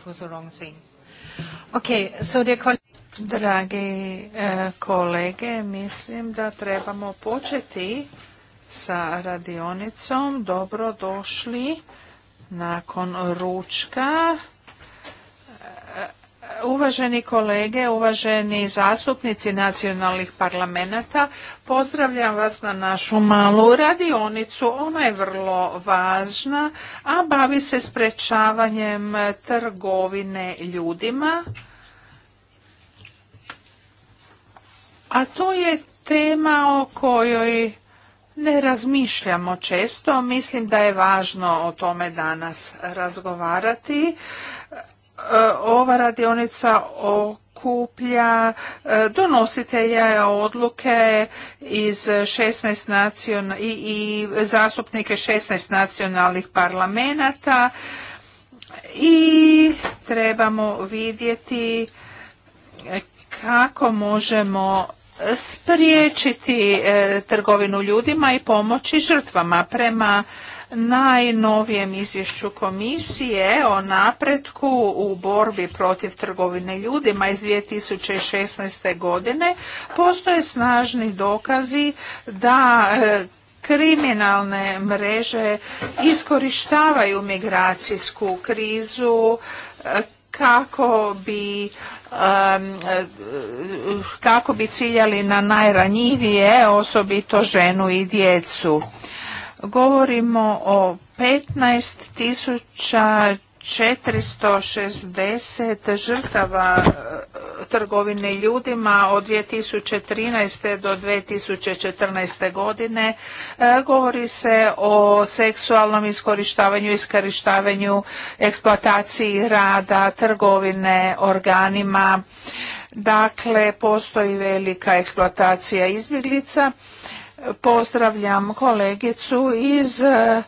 it was wrong thing. Okay, so Dragi e, kolege, mislim da trebamo početi sa radionicom. Dobro došli nakon ručka. Uvaženi kolege, uvaženi zastupnici nacionalnih parlamenta, pozdravljam vas na našu malu radionicu. Ona je vrlo važna, a bavi se sprečavanjem trgovine ljudima. A to je tema o kojoj ne razmišljamo često. Mislim da je važno o tome danas razgovarati. E, ova radionica okuplja e, donositelja odluke iz 16 nacion i, zastupnike 16 nacionalnih parlamenata i trebamo vidjeti kako možemo spriječiti e, trgovinu ljudima i pomoći žrtvama prema najnovijem izvješću komisije o napretku u borbi protiv trgovine ljudima iz 2016. godine postoje snažni dokazi da e, kriminalne mreže iskorištavaju migracijsku krizu e, kako bi e, kako bi ciljali na najranjivije, osobito ženu i djecu. Govorimo o 15.460 žrtava e, trgovine ljudima od 2013. do 2014. godine. E, govori se o seksualnom iskorištavanju, iskorištavanju, eksploataciji rada, trgovine organima. Dakle, postoji velika eksploatacija izbjeglica Pozdravljam kolegicu iz e,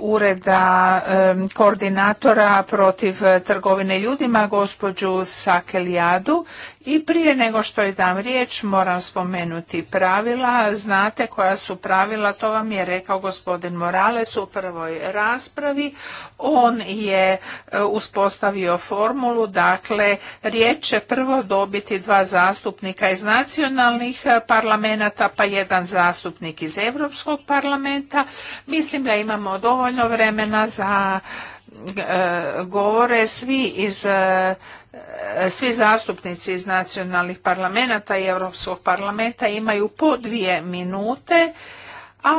ureda e, koordinatora protiv e, trgovine ljudima, gospođu Sakelijadu i prije nego što je dam riječ, moram spomenuti pravila. Znate koja su pravila, to vam je rekao gospodin Morales u prvoj raspravi. On je e, uspostavio formulu, dakle, riječ će prvo dobiti dva zastupnika iz nacionalnih e, parlamenta, pa jedan zastupnik iz Europskog parlamenta. Mislim da imamo dovoljno vremena za e, govore svi iz E, svi zastupnici iz nacionalnih parlamenta i Europskog parlamenta imaju po dvije minute, a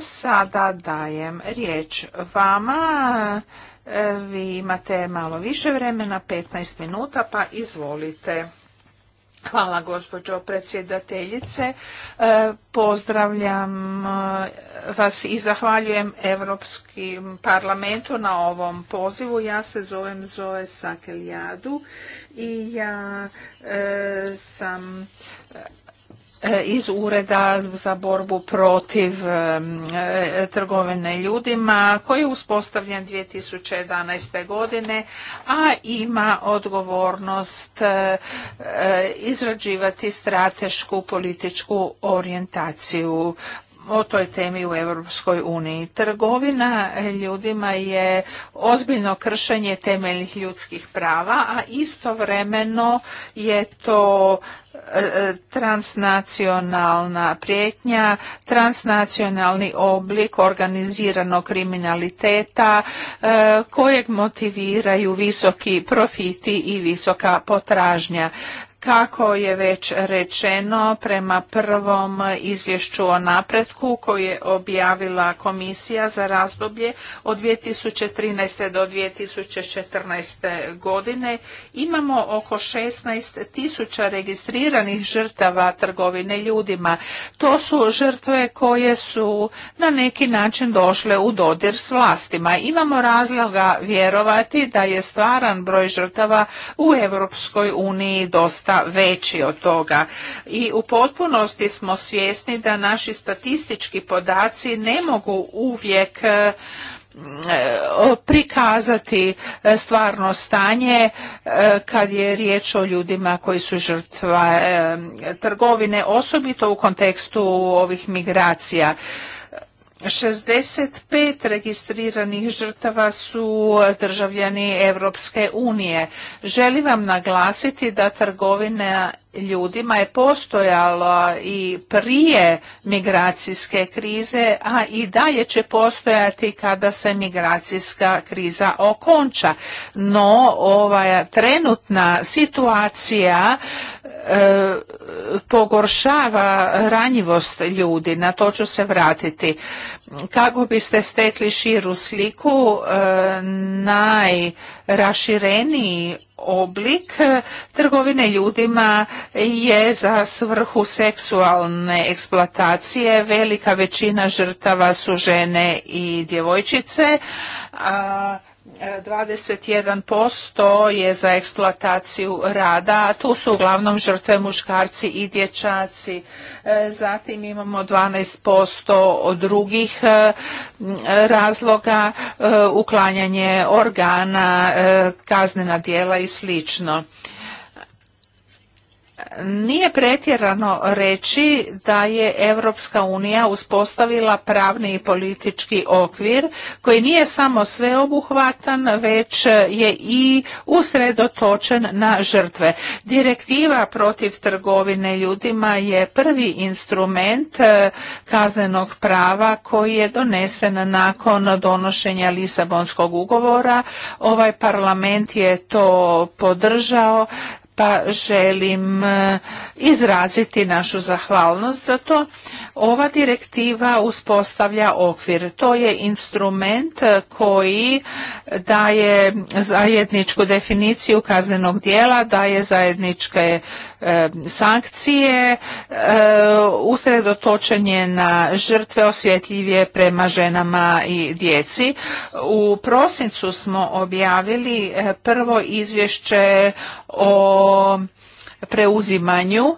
sada dajem riječ vama. E, vi imate malo više vremena, 15 minuta, pa izvolite. Hvala gospođo predsjedateljice. E, pozdravljam e, vas i zahvaljujem Evropskim parlamentu na ovom pozivu. Ja se zovem Zoe Sakeljadu i ja e, sam E, iz Ureda za borbu protiv e, e, trgovine ljudima koji je uspostavljen 2011. godine, a ima odgovornost izrađivati stratešku političku orijentaciju o toj temi u Europskoj uniji. Trgovina ljudima je ozbiljno kršenje temeljnih ljudskih prava, a istovremeno je to e, e, transnacionalna prijetnja, transnacionalni oblik organiziranog kriminaliteta e, kojeg motiviraju visoki profiti i visoka potražnja. Kako je već rečeno, prema prvom izvješću o napretku koji je objavila komisija za razdoblje od 2013. do 2014. godine, imamo oko 16 registriranih žrtava trgovine ljudima. To su žrtve koje su na neki način došle u dodir s vlastima. Imamo razloga vjerovati da je stvaran broj žrtava u Europskoj uniji dosta veći od toga i u potpunosti smo svjesni da naši statistički podaci ne mogu uvijek e, prikazati e, stvarno stanje e, kad je riječ o ljudima koji su žrtva trgovine, osobito u kontekstu ovih migracija. 65 registriranih žrtava su državljani Europske unije. Želim vam naglasiti da trgovina ljudima je postojala i prije migracijske krize, a i dalje će postojati kada se migracijska kriza okonča. No, ova trenutna situacija E, pogoršava ranjivost ljudi, na to ću se vratiti. Kako biste stekli širu sliku, e, najrašireniji oblik trgovine ljudima je za svrhu seksualne eksploatacije. Velika većina žrtava su žene i djevojčice, a 21% je za eksploataciju rada, a tu su uglavnom žrtve muškarci i dječaci. E, zatim imamo 12% od drugih e, razloga, e, uklanjanje organa, kaznena djela i slično nije pretjerano reći da je Europska unija uspostavila pravni i politički okvir koji nije samo sveobuhvatan, već je i usredotočen na žrtve. Direktiva protiv trgovine ljudima je prvi instrument eh, kaznenog prava koji je donesen nakon donošenja Lisabonskog ugovora. Ovaj parlament je to podržao pa želim e, izraziti našu zahvalnost za to. Ova direktiva uspostavlja okvir. To je instrument e, koji daje zajedničku definiciju kaznenog dijela, daje zajedničke e, sankcije, usredotočenje na žrtve osvjetljivije prema ženama i djeci. U prosincu smo objavili prvo izvješće o preuzimanju.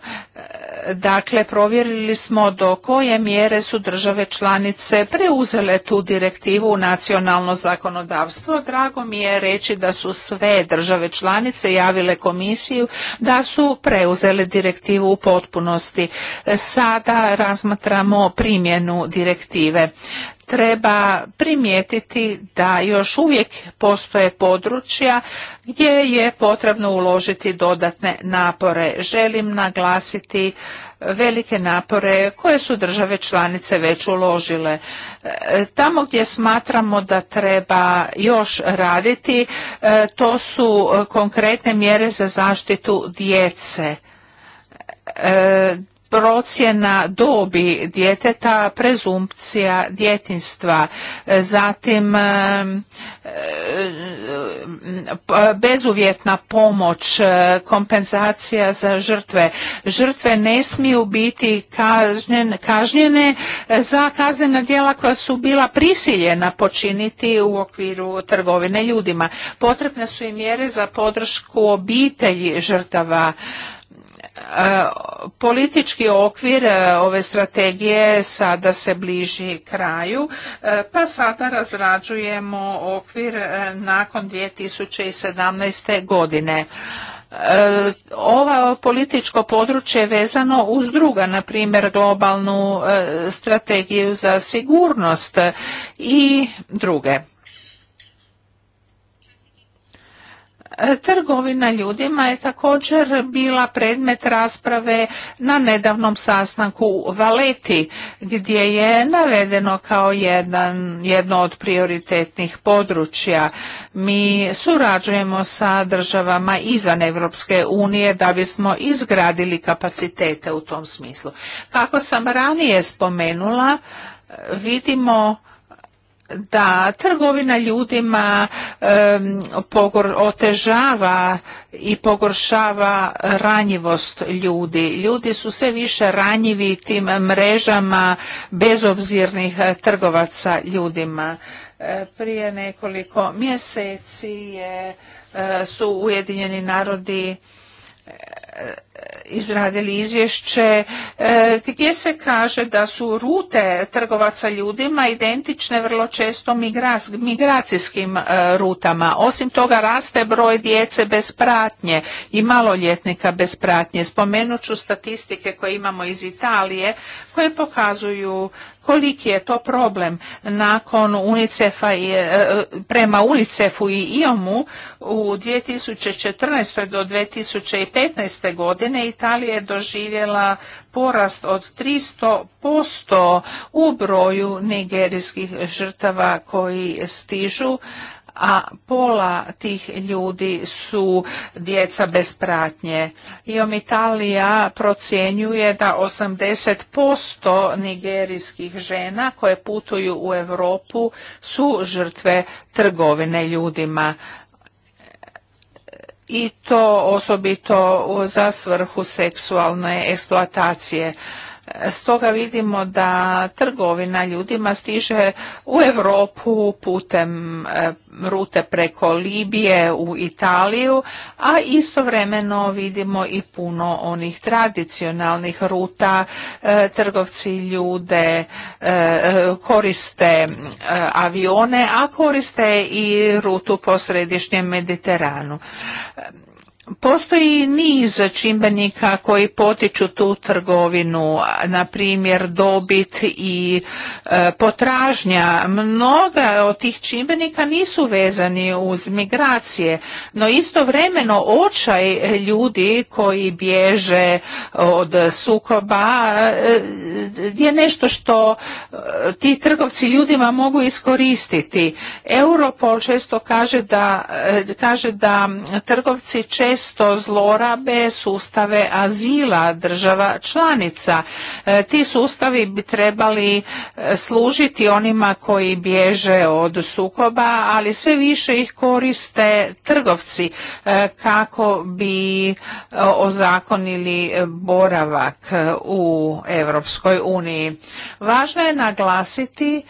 Dakle, provjerili smo do koje mjere su države članice preuzele tu direktivu u nacionalno zakonodavstvo. Drago mi je reći da su sve države članice javile komisiju da su preuzele direktivu u potpunosti. Sada razmatramo primjenu direktive treba primijetiti da još uvijek postoje područja gdje je potrebno uložiti dodatne napore. Želim naglasiti velike napore koje su države članice već uložile. E, tamo gdje smatramo da treba još raditi, e, to su konkretne mjere za zaštitu djece e, procjena dobi djeteta, prezumpcija djetinstva, e, zatim e, e, bezuvjetna pomoć, kompenzacija za žrtve. Žrtve ne smiju biti kažnjene za kaznena djela koja su bila prisiljena počiniti u okviru trgovine ljudima. Potrebne su i mjere za podršku obitelji žrtava Politički okvir e, ove strategije sada se bliži kraju, e, pa sada razrađujemo okvir e, nakon 2017. godine. Ova političko područje je vezano uz druga, na primjer globalnu strategiju za sigurnost i druge. E, trgovina ljudima je također bila predmet rasprave na nedavnom sastanku u Valeti gdje je navedeno kao jedan, jedno od prioritetnih područja. Mi surađujemo sa državama izvan Europske unije da bismo izgradili kapacitete u tom smislu. Kako sam ranije spomenula, vidimo da trgovina ljudima otežava i pogoršava ranjivost ljudi. Ljudi su sve više ranjivi tim mrežama bezobzirnih trgovaca ljudima. E, prije nekoliko mjeseci je, e, su Ujedinjeni narodi e, izradili izvješće e, gdje se kaže da su rute trgovaca ljudima identične vrlo često migracijskim e, rutama. Osim toga raste broj djece bez pratnje i maloljetnika bez pratnje. Spomenut ću statistike koje imamo iz Italije koje pokazuju koliki je to problem nakon UNICEF-a i, e, prema UNICEF-u i IOM-u u 2014. do 2015. godine godine Italija je doživjela porast od 300% u broju nigerijskih žrtava koji stižu a pola tih ljudi su djeca bez pratnje. IOM Italija procjenjuje da 80% nigerijskih žena koje putuju u Europu su žrtve trgovine ljudima i to osobito za svrhu seksualne eksploatacije. Stoga vidimo da trgovina ljudima stiže u Europu putem e, rute preko Libije u Italiju, a istovremeno vidimo i puno onih tradicionalnih ruta. E, trgovci ljude e, koriste avione, a koriste i rutu po središnjem Mediteranu. Postoji niz čimbenika koji potiču tu trgovinu, na primjer dobit i e, potražnja. Mnoga od tih čimbenika nisu vezani uz migracije, no istovremeno očaj ljudi koji bježe od sukoba e, je nešto što e, ti trgovci ljudima mogu iskoristiti. Europol često kaže da, kaže da trgovci često često zlorabe sustave azila država članica. E, ti sustavi bi trebali e, služiti onima koji bježe od sukoba, ali sve više ih koriste trgovci e, kako bi ozakonili boravak u Europskoj uniji. Važno je naglasiti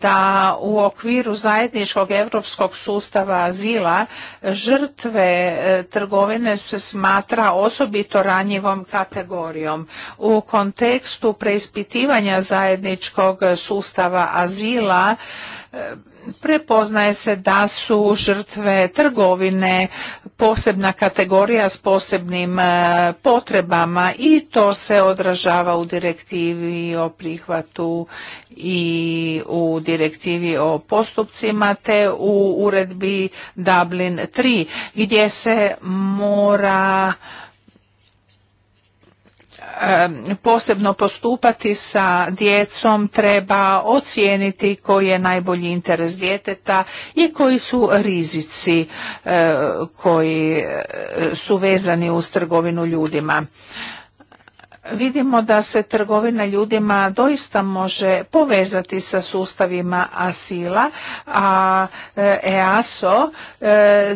da u okviru zajedničkog europskog sustava azila žrtve e, trgovine se smatra osobito ranjivom kategorijom. U kontekstu preispitivanja zajedničkog sustava azila e, prepoznaje se da su žrtve trgovine posebna kategorija s posebnim e, potrebama i to se odražava u direktivi o prihvatu i u direktivi o postupcima te u uredbi Dublin 3 gdje se mora posebno postupati sa djecom, treba ocijeniti koji je najbolji interes djeteta i koji su rizici eh, koji eh, su vezani uz trgovinu ljudima vidimo da se trgovina ljudima doista može povezati sa sustavima asila, a eh, EASO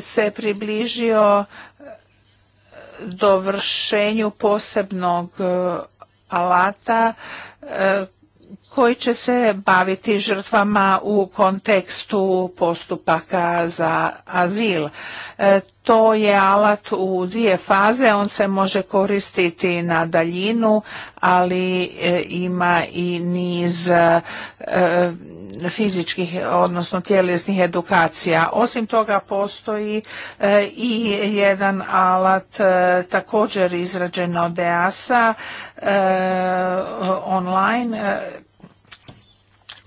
se približio dovršenju posebnog e, alata e, koji će se baviti žrtvama u kontekstu postupaka za azil. E, to je alat u dvije faze, on se može koristiti na daljinu, ali e, ima i niz e, fizičkih, odnosno tjelesnih edukacija. Osim toga postoji e, i jedan alat također izrađen od EASA online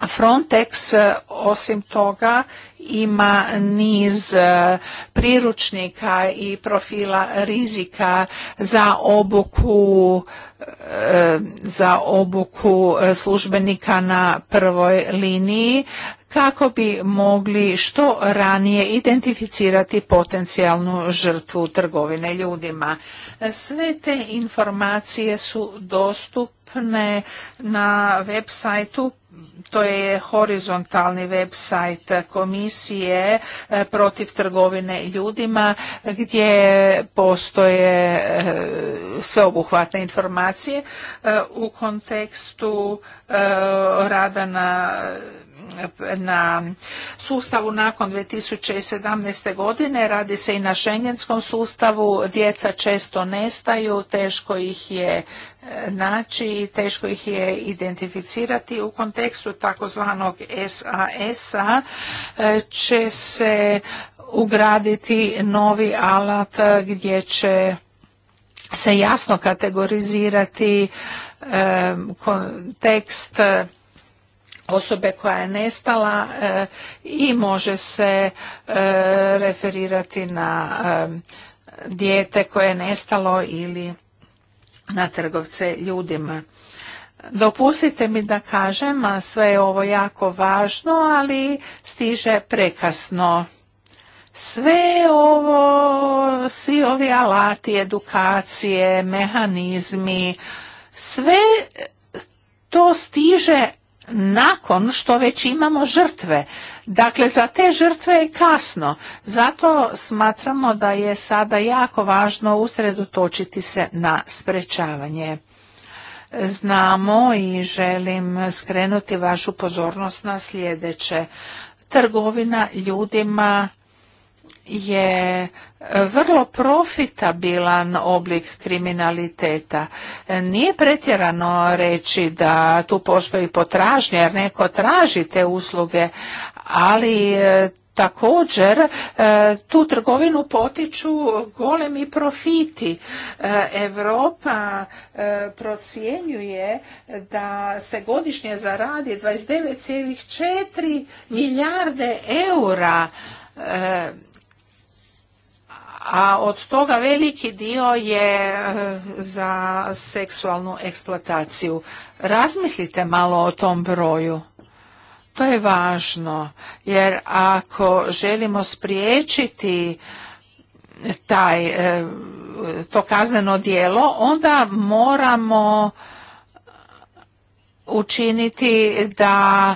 Frontex e, osim toga ima niz e, priručnika i profila rizika za obuku e, za obuku službenika na prvoj liniji kako bi mogli što ranije identificirati potencijalnu žrtvu trgovine ljudima. Sve te informacije su dostupne na web sajtu je horizontalni website komisije e, protiv trgovine ljudima gdje postoje e, sveobuhvatne informacije e, u kontekstu rada na na sustavu nakon 2017. godine. Radi se i na šengenskom sustavu. Djeca često nestaju, teško ih je e, naći teško ih je identificirati. U kontekstu takozvanog SAS-a e, će se ugraditi novi alat gdje će se jasno kategorizirati e, kontekst osobe koja je nestala e, i može se e, referirati na e, dijete koje je nestalo ili na trgovce ljudima. Dopustite mi da kažem, a sve je ovo jako važno, ali stiže prekasno. Sve ovo, svi ovi alati, edukacije, mehanizmi, sve to stiže nakon što već imamo žrtve. Dakle, za te žrtve je kasno. Zato smatramo da je sada jako važno usredotočiti se na sprečavanje. Znamo i želim skrenuti vašu pozornost na sljedeće. Trgovina ljudima je vrlo profitabilan oblik kriminaliteta. Nije pretjerano reći da tu postoji potražnja jer neko traži te usluge, ali e, također e, tu trgovinu potiču golemi profiti. Europa e, procjenjuje da se godišnje zaradi 29,4 milijarde eura a od toga veliki dio je e, za seksualnu eksploataciju. Razmislite malo o tom broju. To je važno, jer ako želimo spriječiti taj, e, to kazneno djelo, onda moramo učiniti da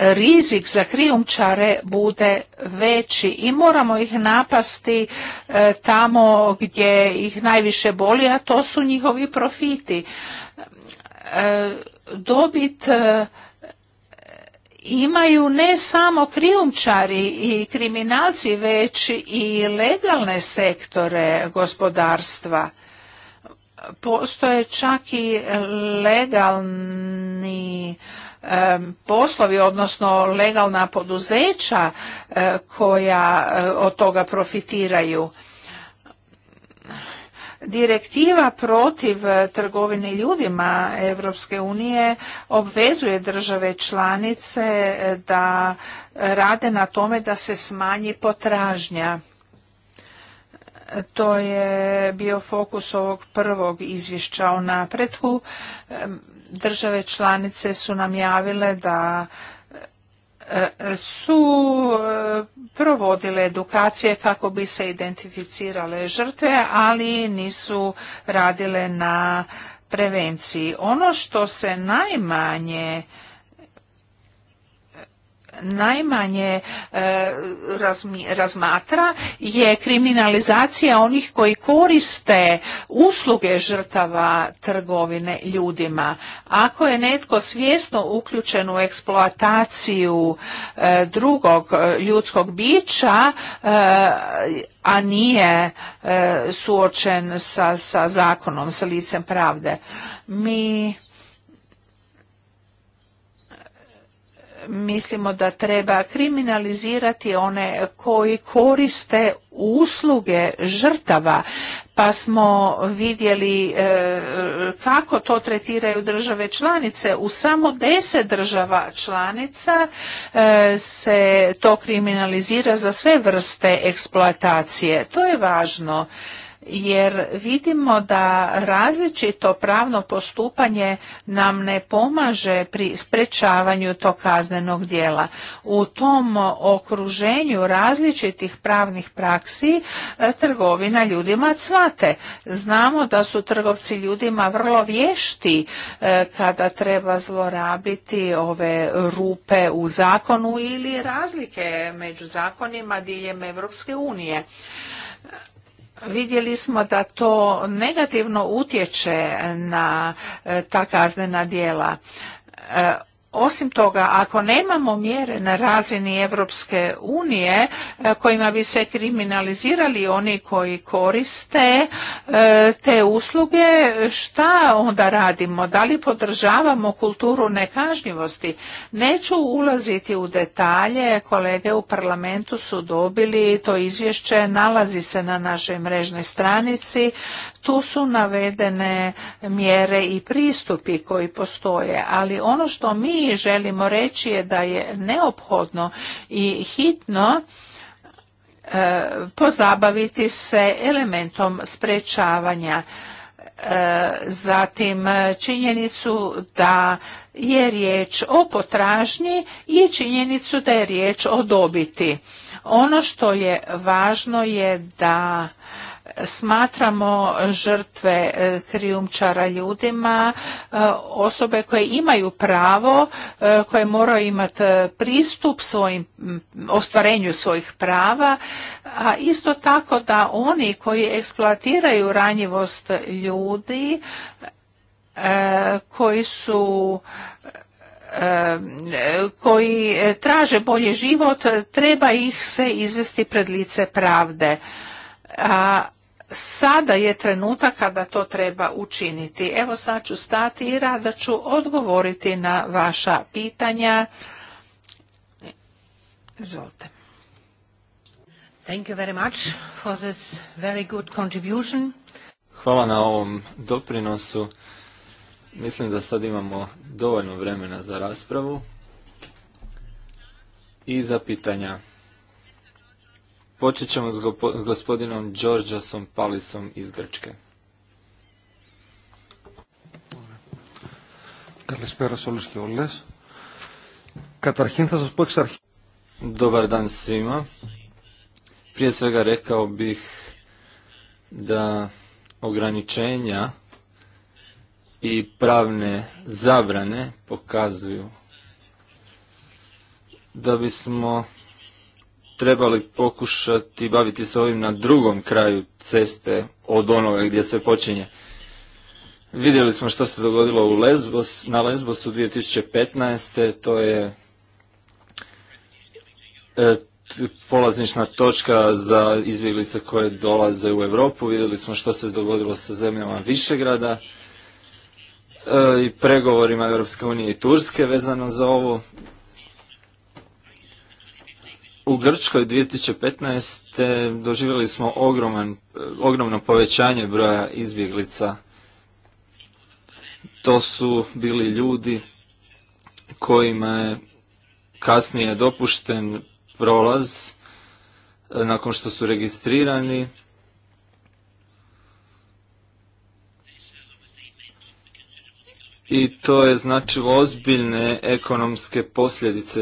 rizik za krijumčare bude veći i moramo ih napasti e, tamo gdje ih najviše boli, a to su njihovi profiti. E, dobit e, imaju ne samo krijumčari i kriminalci, već i legalne sektore gospodarstva. Postoje čak i legalni poslovi, odnosno legalna poduzeća eh, koja eh, od toga profitiraju. Direktiva protiv eh, trgovine ljudima Evropske unije obvezuje države članice da rade na tome da se smanji potražnja. To je bio fokus ovog prvog izvješća o napretku države članice su nam javile da e, su e, provodile edukacije kako bi se identificirale žrtve, ali nisu radile na prevenciji. Ono što se najmanje najmanje e, razmatra je kriminalizacija onih koji koriste usluge žrtava trgovine ljudima ako je netko svjesno uključen u eksploataciju e, drugog e, ljudskog bića a nije suočen sa zakonom sa licem pravde mi mislimo da treba kriminalizirati one koji koriste usluge žrtava pa smo vidjeli e, kako to tretiraju države članice u samo deset država članica e, se to kriminalizira za sve vrste eksploatacije to je važno jer vidimo da različito pravno postupanje nam ne pomaže pri sprečavanju tog kaznenog djela. U tom okruženju različitih pravnih praksi e, trgovina ljudima cvate. Znamo da su trgovci ljudima vrlo vješti e, kada treba zlorabiti ove rupe u zakonu ili razlike među zakonima diljem Europske unije vidjeli smo da to negativno utječe na e, ta kaznena djela e, osim toga, ako nemamo mjere na razini Europske unije e, kojima bi se kriminalizirali oni koji koriste e, te usluge, šta onda radimo? Da li podržavamo kulturu nekažnjivosti? Neću ulaziti u detalje, kolege u parlamentu su dobili to izvješće, nalazi se na našoj mrežnoj stranici, tu su navedene mjere i pristupi koji postoje, ali ono što mi želimo reći je da je neophodno i hitno e, pozabaviti se elementom sprečavanja e, zatim činjenicu da je riječ o potražnji i činjenicu da je riječ o dobiti. Ono što je važno je da smatramo žrtve e, krijumčara ljudima e, osobe koje imaju pravo, e, koje moraju imati pristup svojim ostvarenju svojih prava, a isto tako da oni koji eksploatiraju ranjivost ljudi koji su koji traže bolji život, treba ih se izvesti pred lice pravde. A sada je trenutak kada to treba učiniti. Evo sad ću stati i rada ću odgovoriti na vaša pitanja. Izvolite. Thank Hvala na ovom doprinosu. Mislim da sad imamo dovoljno vremena za raspravu i za pitanja. Počet ćemo s, gospodinom Đorđasom Palisom iz Grčke. Dobar dan svima. Prije svega rekao bih da ograničenja i pravne zabrane pokazuju da bismo trebali pokušati baviti se ovim na drugom kraju ceste od onoga gdje se počinje. Vidjeli smo što se dogodilo u Lesbos, na Lesbosu 2015. To je e, polaznična točka za izbjeglice koje dolaze u Europu. Vidjeli smo što se dogodilo sa zemljama Višegrada e, i pregovorima Europske unije i Turske vezano za ovo. U Grčkoj 2015. doživjeli smo ogroman, ogromno povećanje broja izbjeglica. To su bili ljudi kojima je kasnije dopušten prolaz e, nakon što su registrirani. I to je značilo ozbiljne ekonomske posljedice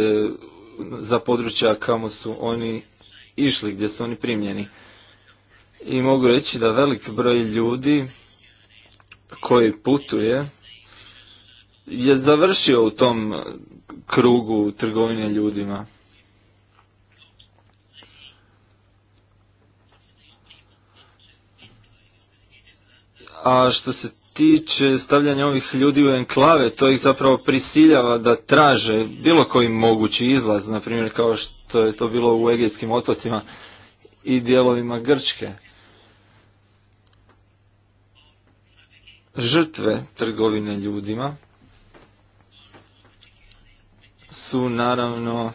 za područja kamo su oni išli, gdje su oni primljeni. I mogu reći da velik broj ljudi koji putuje je završio u tom krugu trgovine ljudima. A što se tiče stavljanja ovih ljudi u enklave, to ih zapravo prisiljava da traže bilo koji mogući izlaz, na primjer kao što je to bilo u Egejskim otocima i dijelovima Grčke. Žrtve trgovine ljudima su naravno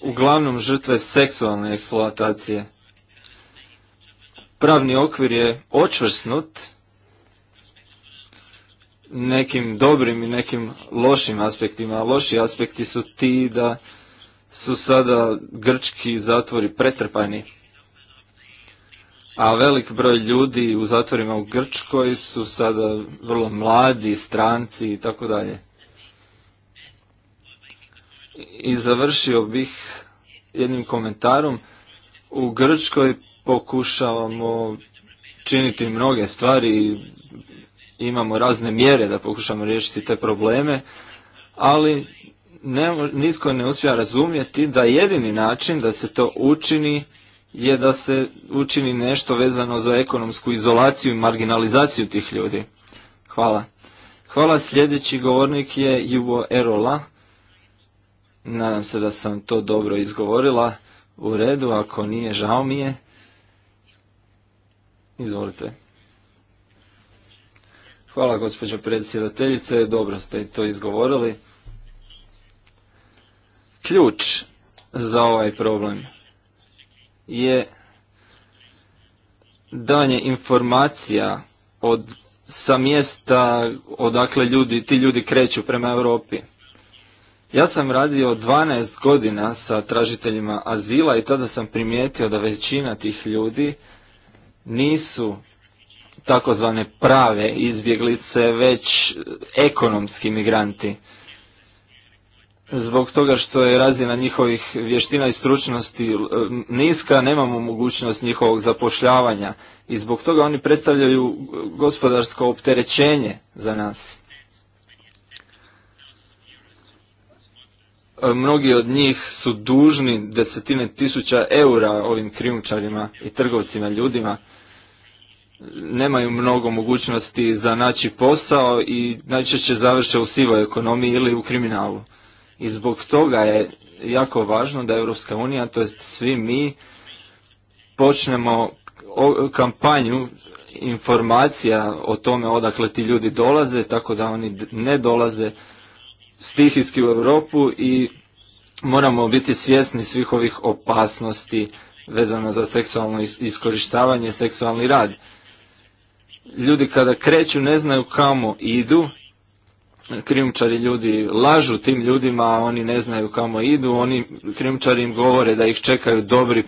uglavnom žrtve seksualne eksploatacije. Pravni okvir je očvrsnut nekim dobrim i nekim lošim aspektima. Loši aspekti su ti da su sada grčki zatvori pretrpani. A velik broj ljudi u zatvorima u Grčkoj su sada vrlo mladi, stranci i tako dalje. I završio bih jednim komentarom. U Grčkoj pokušavamo činiti mnoge stvari, imamo razne mjere da pokušamo riješiti te probleme, ali ne, nitko ne uspija razumjeti da jedini način da se to učini je da se učini nešto vezano za ekonomsku izolaciju i marginalizaciju tih ljudi. Hvala. Hvala, sljedeći govornik je Jugo Erola. Nadam se da sam to dobro izgovorila. U redu, ako nije, žao mi je. Izvolite. Hvala gospođo predsjedateljice, dobro ste to izgovorili. Ključ za ovaj problem je danje informacija od, sa mjesta odakle ljudi, ti ljudi kreću prema Europi. Ja sam radio 12 godina sa tražiteljima azila i tada sam primijetio da većina tih ljudi nisu takozvane prave izbjeglice, već ekonomski migranti. Zbog toga što je razina njihovih vještina i stručnosti e, niska, nemamo mogućnost njihovog zapošljavanja i zbog toga oni predstavljaju gospodarsko opterećenje za nas. E, mnogi od njih su dužni desetine tisuća eura ovim krijumčarima i trgovcima ljudima nemaju mnogo mogućnosti za naći posao i najčešće završe u sivoj ekonomiji ili u kriminalu. I zbog toga je jako važno da Europska unija, to jest svi mi, počnemo kampanju informacija o tome odakle ti ljudi dolaze, tako da oni ne dolaze stihijski u Europu i moramo biti svjesni svih ovih opasnosti vezano za seksualno iskorištavanje, seksualni rad ljudi kada kreću ne znaju kamo idu, krijumčari ljudi lažu tim ljudima, a oni ne znaju kamo idu, oni krijumčari im govore da ih čekaju dobri,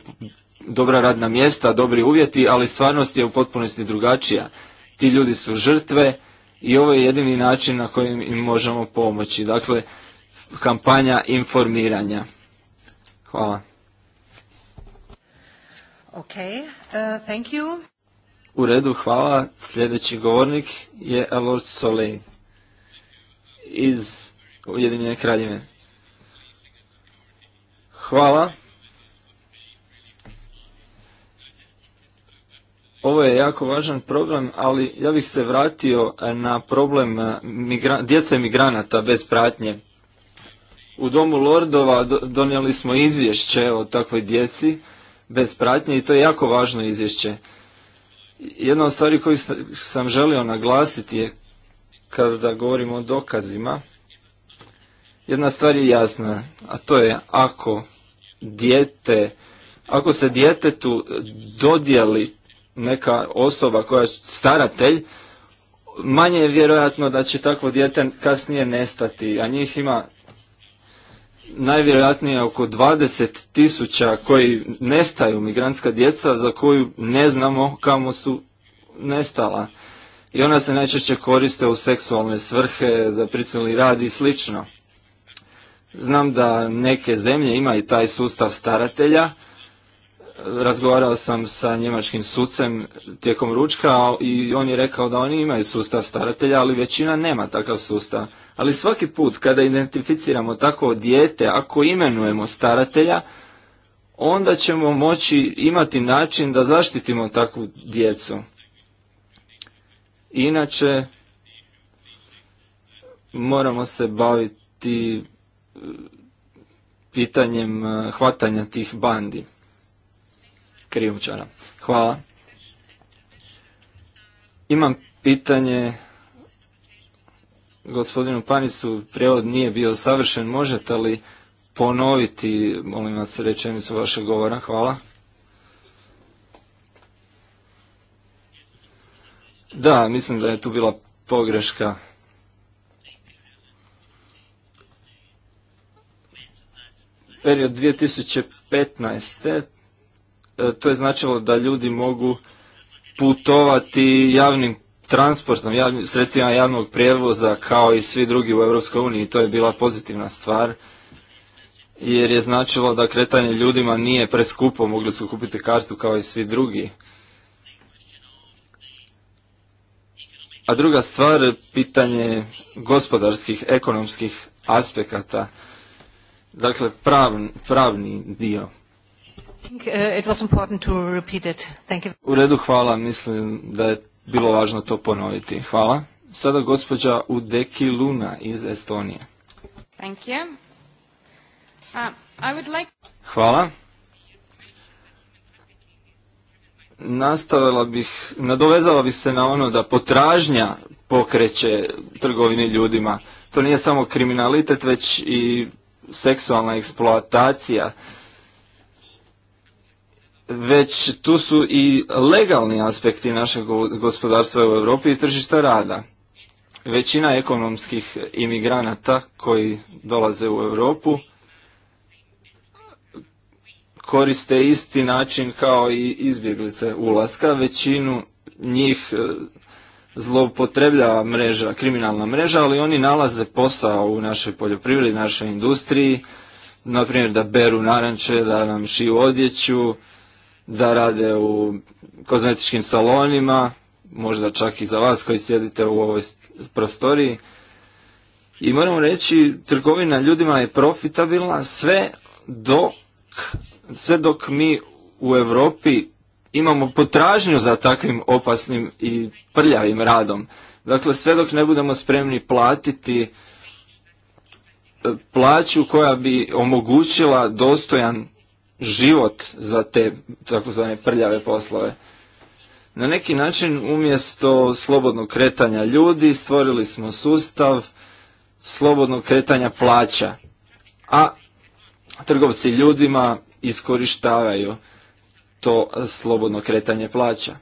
dobra radna mjesta, dobri uvjeti, ali stvarnost je u potpunosti drugačija. Ti ljudi su žrtve i ovo je jedini način na koji im možemo pomoći. Dakle, kampanja informiranja. Hvala. Okay, uh, thank you. U redu, hvala. Sljedeći govornik je Alor Soleil iz Ujedinjene kraljevine. Hvala. Ovo je jako važan problem, ali ja bih se vratio na problem eh, djece migranata bez pratnje. U Domu Lordova donijeli smo izvješće o takvoj djeci bez pratnje i to je jako važno izvješće. Jedna od stvari koju sam želio naglasiti je kada govorimo o dokazima, jedna stvar je jasna, a to je ako dijete, ako se djetetu dodijeli neka osoba koja je staratelj, manje je vjerojatno da će takvo dijete kasnije nestati, a njih ima najvjerojatnije oko 20 tisuća koji nestaju, migrantska djeca za koju ne znamo kamo su nestala. I ona se najčešće koriste u seksualne svrhe, za prisilni rad i slično. Znam da neke zemlje imaju taj sustav staratelja, razgovarao sam sa njemačkim sucem tijekom ručka i on je rekao da oni imaju sustav staratelja, ali većina nema takav sustav. Ali svaki put kada identificiramo takvo dijete, ako imenujemo staratelja, onda ćemo moći imati način da zaštitimo takvu djecu. Inače, moramo se baviti e, pitanjem e, hvatanja tih bandi krijumčara. Hvala. Imam pitanje gospodinu Panisu, prijevod nije bio savršen, možete li ponoviti, molim vas, rečenicu vašeg govora? Hvala. Da, mislim da je tu bila pogreška. Period 2015. E, to je značilo da ljudi mogu putovati javnim transportom, javnim, sredstvima javnog prijevoza kao i svi drugi u Europskoj uniji. To je bila pozitivna stvar jer je značilo da kretanje ljudima nije preskupo, mogli su kupiti kartu kao i svi drugi. A druga stvar, pitanje gospodarskih, ekonomskih aspekata, dakle pravni, pravni dio. U redu, hvala. Mislim da je bilo važno to ponoviti. Hvala. Sada gospođa Udeki Luna iz Estonije. Thank uh, Hvala. Nastavila bih, nadovezala bih se na ono da potražnja pokreće trgovini ljudima. To nije samo kriminalitet, već i seksualna eksploatacija već tu su i legalni aspekti našeg gospodarstva u Europi i tržišta rada. Većina ekonomskih imigranata koji dolaze u Europu koriste isti način kao i izbjeglice ulaska. Većinu njih e, zloupotrebljava mreža, kriminalna mreža, ali oni nalaze posao u našoj poljoprivredi, našoj industriji, na primjer da beru naranče, da nam šiju odjeću, da rade u kozmetičkim salonima, možda čak i za vas koji sjedite u ovoj prostoriji. I moramo reći, trgovina ljudima je profitabilna sve dok, sve dok mi u Europi imamo potražnju za takvim opasnim i prljavim radom. Dakle, sve dok ne budemo spremni platiti e, plaću koja bi omogućila dostojan život za te takozvane prljave poslove. Na neki način umjesto slobodnog kretanja ljudi stvorili smo sustav slobodnog kretanja plaća, a trgovci ljudima iskorištavaju to slobodno kretanje plaća.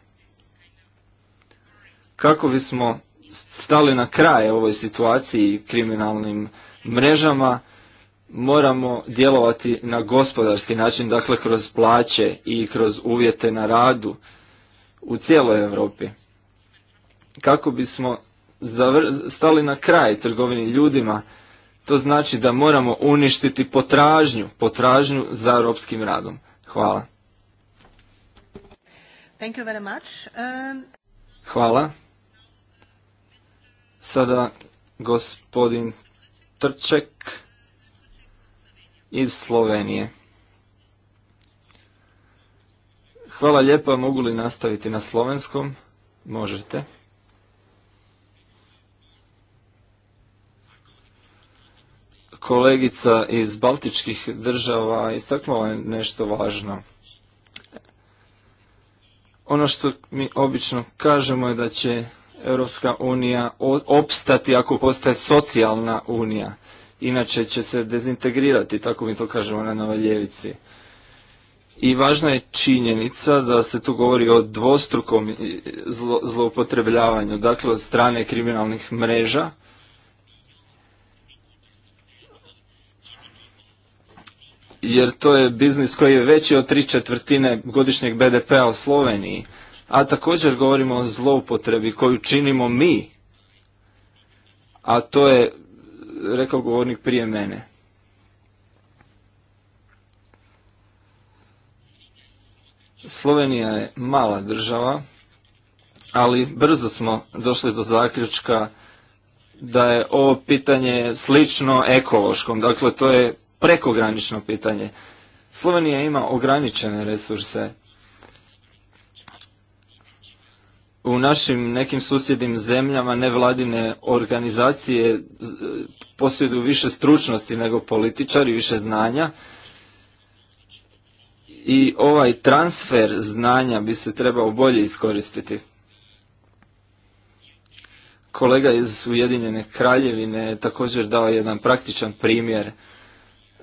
Kako bismo stali na kraj ovoj situaciji kriminalnim mrežama, moramo djelovati na gospodarski način, dakle kroz plaće i kroz uvjete na radu u cijeloj Europi. Kako bismo stali na kraj trgovini ljudima, to znači da moramo uništiti potražnju, potražnju za europskim radom. Hvala. Thank you very much. Um, Hvala. Sada gospodin Trček iz Slovenije. Hvala lijepa, mogu li nastaviti na slovenskom? Možete. Kolegica iz baltičkih država istaknula je nešto važno. Ono što mi obično kažemo je da će Europska unija opstati ako postaje socijalna unija inače će se dezintegrirati, tako mi to kažemo na Ljevici. I važna je činjenica da se tu govori o dvostrukom e, zloupotrebljavanju, dakle od strane kriminalnih mreža. Jer to je biznis koji je veći od tri četvrtine godišnjeg BDP-a u Sloveniji. A također govorimo o zloupotrebi koju činimo mi. A to je rekao govornik prije mene. Slovenija je mala država, ali brzo smo došli do zaključka da je ovo pitanje slično ekološkom, dakle to je prekogranično pitanje. Slovenija ima ograničene resurse. U našim nekim susjednim zemljama nevladine organizacije posjeduju više stručnosti nego političari, više znanja. I ovaj transfer znanja bi se trebao bolje iskoristiti. Kolega iz Ujedinjene kraljevine je također dao jedan praktičan primjer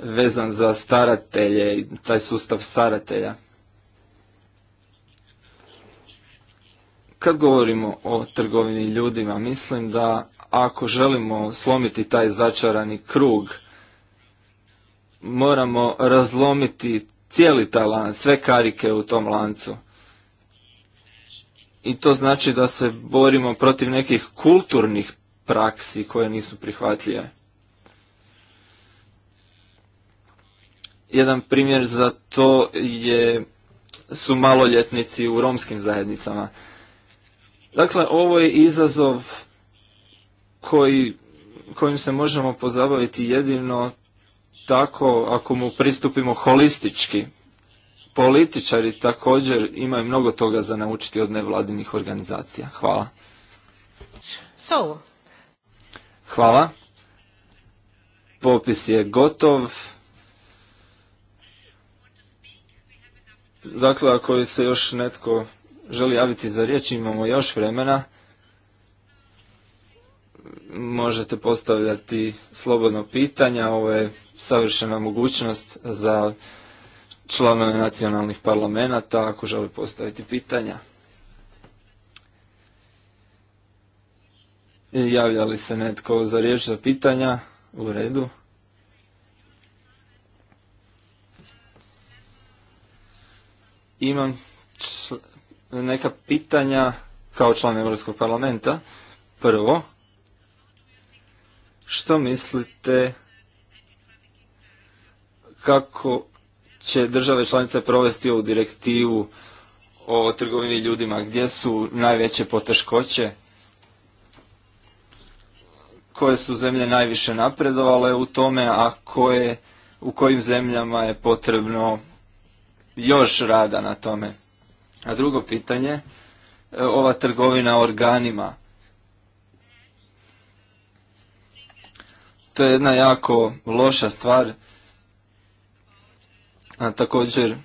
vezan za staratelje i taj sustav staratelja. Kad govorimo o trgovini ljudima, mislim da ako želimo slomiti taj začarani krug, moramo razlomiti cijeli taj lanc, sve karike u tom lancu. I to znači da se borimo protiv nekih kulturnih praksi koje nisu prihvatljive. Jedan primjer za to je, su maloljetnici u romskim zajednicama. Dakle, ovo je izazov koji, kojim se možemo pozabaviti jedino tako ako mu pristupimo holistički. Političari također imaju mnogo toga za naučiti od nevladinih organizacija. Hvala. So. Hvala. Popis je gotov. Dakle, ako se još netko želi javiti za riječ, imamo još vremena možete postavljati slobodno pitanja, ovo je savršena mogućnost za članove nacionalnih parlamenta ako žele postaviti pitanja. Javlja li se netko za riječ za pitanja? U redu. Imam neka pitanja kao član Europskog parlamenta. Prvo, što mislite kako će države članice provesti ovu direktivu o trgovini ljudima? Gdje su najveće poteškoće? Koje su zemlje najviše napredovale u tome, a koje, u kojim zemljama je potrebno još rada na tome? A drugo pitanje, e, ova trgovina organima. To je jedna jako loša stvar. A također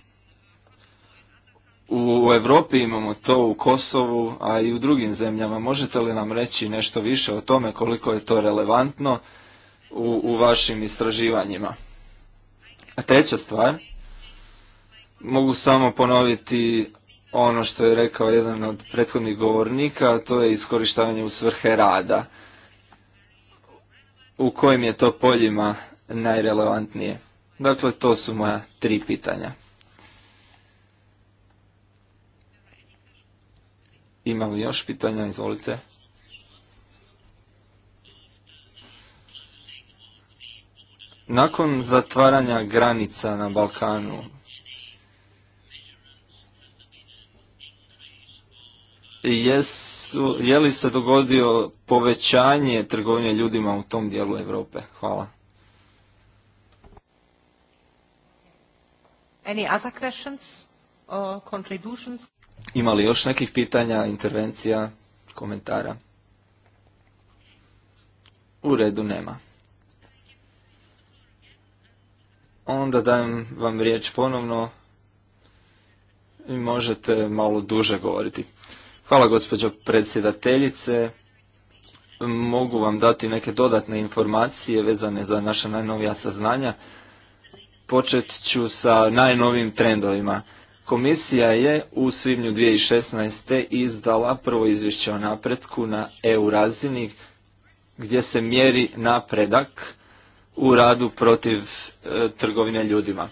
u, Europi imamo to, u Kosovu, a i u drugim zemljama. Možete li nam reći nešto više o tome koliko je to relevantno u, u vašim istraživanjima? A treća stvar, mogu samo ponoviti ono što je rekao jedan od prethodnih govornika, to je iskorištavanje u svrhe rada u kojim je to poljima najrelevantnije. Dakle, to su moja tri pitanja. Imam li još pitanja? Izvolite. Nakon zatvaranja granica na Balkanu, je li se dogodio povećanje trgovine ljudima u tom dijelu Europe? Hvala. Any other or contributions? Ima li još nekih pitanja, intervencija, komentara? U redu nema. Onda dajem vam riječ ponovno i možete malo duže govoriti. Hvala gospođo predsjedateljice. Mogu vam dati neke dodatne informacije vezane za naša najnovija saznanja. Počet ću sa najnovim trendovima. Komisija je u svibnju 2016. izdala prvo izvješće o napretku na EU razini gdje se mjeri napredak u radu protiv e, trgovine ljudima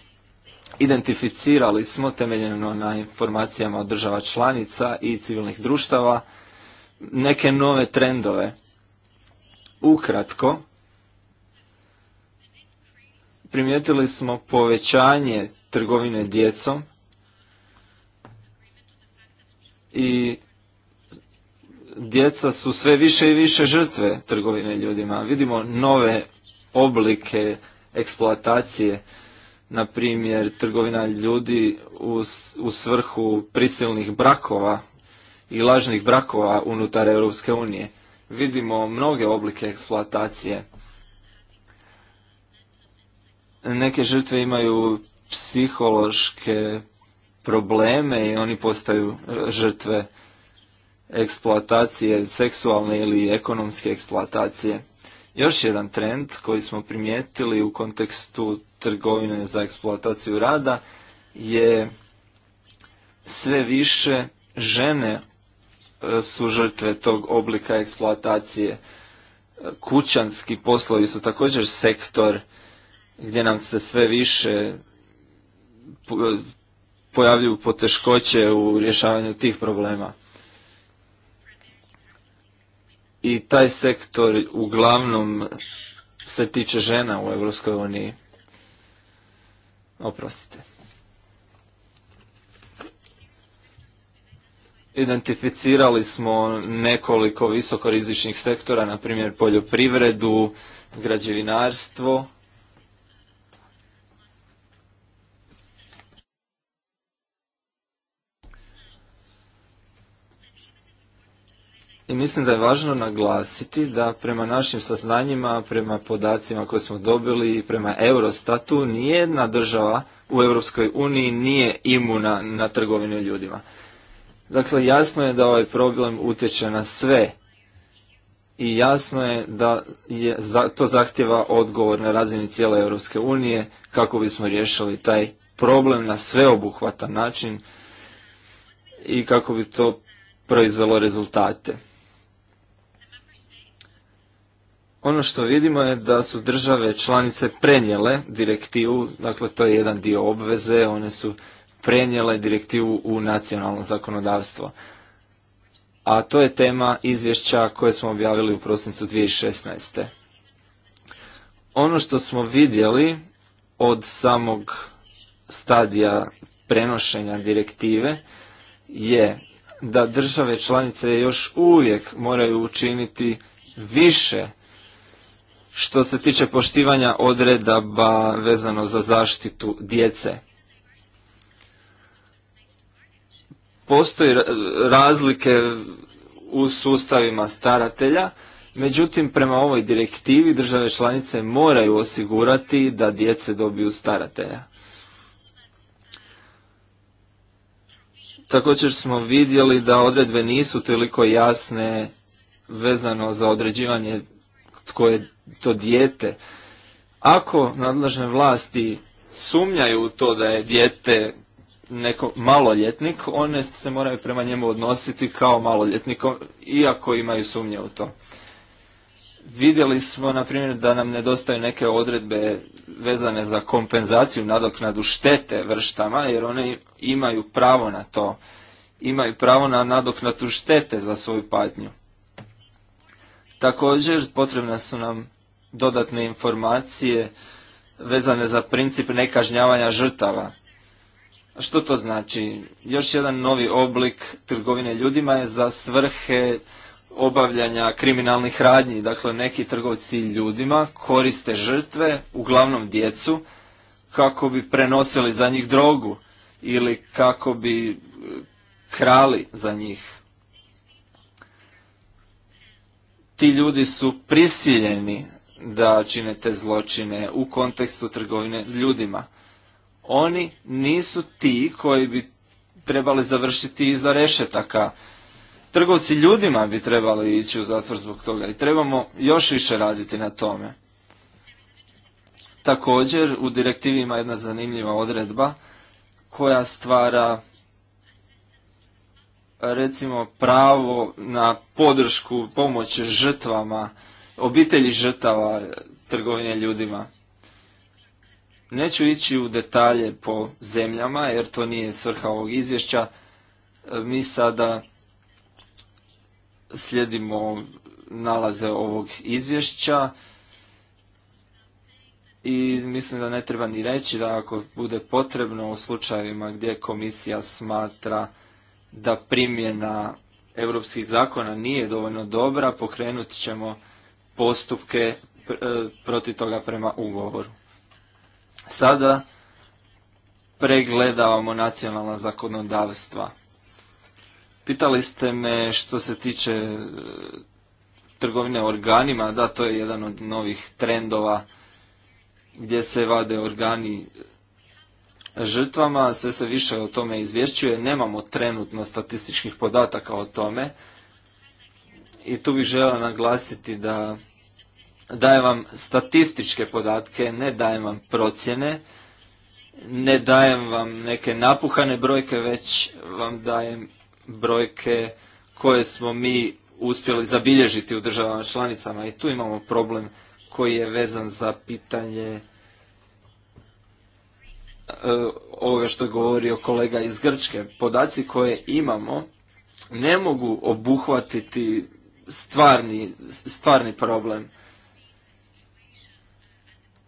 identificirali smo temeljeno na informacijama od država članica i civilnih društava neke nove trendove. Ukratko, primijetili smo povećanje trgovine djecom i djeca su sve više i više žrtve trgovine ljudima. Vidimo nove oblike eksploatacije na primjer trgovina ljudi u, svrhu prisilnih brakova i lažnih brakova unutar Europske unije. Vidimo mnoge oblike eksploatacije. Neke žrtve imaju psihološke probleme i oni postaju žrtve eksploatacije, seksualne ili ekonomske eksploatacije. Još jedan trend koji smo primijetili u kontekstu trgovine za eksploataciju rada je sve više žene e, su žrtve tog oblika eksploatacije. E, kućanski poslovi su također sektor gdje nam se sve više e, pojavljuju poteškoće u rješavanju tih problema i taj sektor uglavnom se tiče žena u Europskoj uniji. Oprostite. Identificirali smo nekoliko visokorizičnih sektora, na primjer poljoprivredu, građevinarstvo, I mislim da je važno naglasiti da prema našim saznanjima, prema podacima koje smo dobili i prema Eurostatu, nijedna država u Europskoj uniji nije imuna na trgovinu ljudima. Dakle, jasno je da ovaj problem utječe na sve i jasno je da je, to zahtjeva odgovor na razini cijele Europske unije kako bismo riješili taj problem na sveobuhvatan način i kako bi to proizvelo rezultate. Ono što vidimo je da su države članice prenijele direktivu, dakle to je jedan dio obveze, one su prenijele direktivu u nacionalno zakonodavstvo. A to je tema izvješća koje smo objavili u prosincu 2016. Ono što smo vidjeli od samog stadija prenošenja direktive je da države članice još uvijek moraju učiniti više što se tiče poštivanja odredaba vezano za zaštitu djece. Postoji razlike u sustavima staratelja, međutim prema ovoj direktivi države članice moraju osigurati da djece dobiju staratelja. Također smo vidjeli da odredbe nisu toliko jasne vezano za određivanje tko je to dijete. Ako nadležne vlasti sumnjaju u to da je dijete neko maloljetnik, one se moraju prema njemu odnositi kao maloljetnik, iako imaju sumnje u to. Vidjeli smo, na primjer, da nam nedostaju neke odredbe vezane za kompenzaciju nadoknadu štete vrštama, jer one imaju pravo na to. Imaju pravo na nadoknadu štete za svoju patnju. Također, potrebna su nam dodatne informacije vezane za princip nekažnjavanja žrtava. Što to znači? Još jedan novi oblik trgovine ljudima je za svrhe obavljanja kriminalnih radnji. Dakle, neki trgovci ljudima koriste žrtve, uglavnom djecu, kako bi prenosili za njih drogu ili kako bi e, krali za njih. Ti ljudi su prisiljeni da čine te zločine u kontekstu trgovine ljudima. Oni nisu ti koji bi trebali završiti iza rešetaka. Trgovci ljudima bi trebali ići u zatvor zbog toga i trebamo još više raditi na tome. Također u direktivi ima jedna zanimljiva odredba koja stvara recimo pravo na podršku pomoć žrtvama obitelji žrtava trgovine ljudima. Neću ići u detalje po zemljama, jer to nije svrha ovog izvješća. E, mi sada slijedimo nalaze ovog izvješća i mislim da ne treba ni reći da ako bude potrebno u slučajevima gdje komisija smatra da primjena europskih zakona nije dovoljno dobra, pokrenut ćemo postupke e, protiv toga prema ugovoru. Sada pregledavamo nacionalna zakonodavstva. Pitali ste me što se tiče e, trgovine organima, da to je jedan od novih trendova gdje se vade organi žrtvama, sve se više o tome izvješćuje, nemamo trenutno statističkih podataka o tome, i tu bih žela naglasiti da dajem vam statističke podatke, ne dajem vam procjene, ne dajem vam neke napuhane brojke, već vam dajem brojke koje smo mi uspjeli zabilježiti u državama članicama i tu imamo problem koji je vezan za pitanje e, ovoga što je govorio kolega iz Grčke. Podaci koje imamo ne mogu obuhvatiti stvarni, stvarni problem.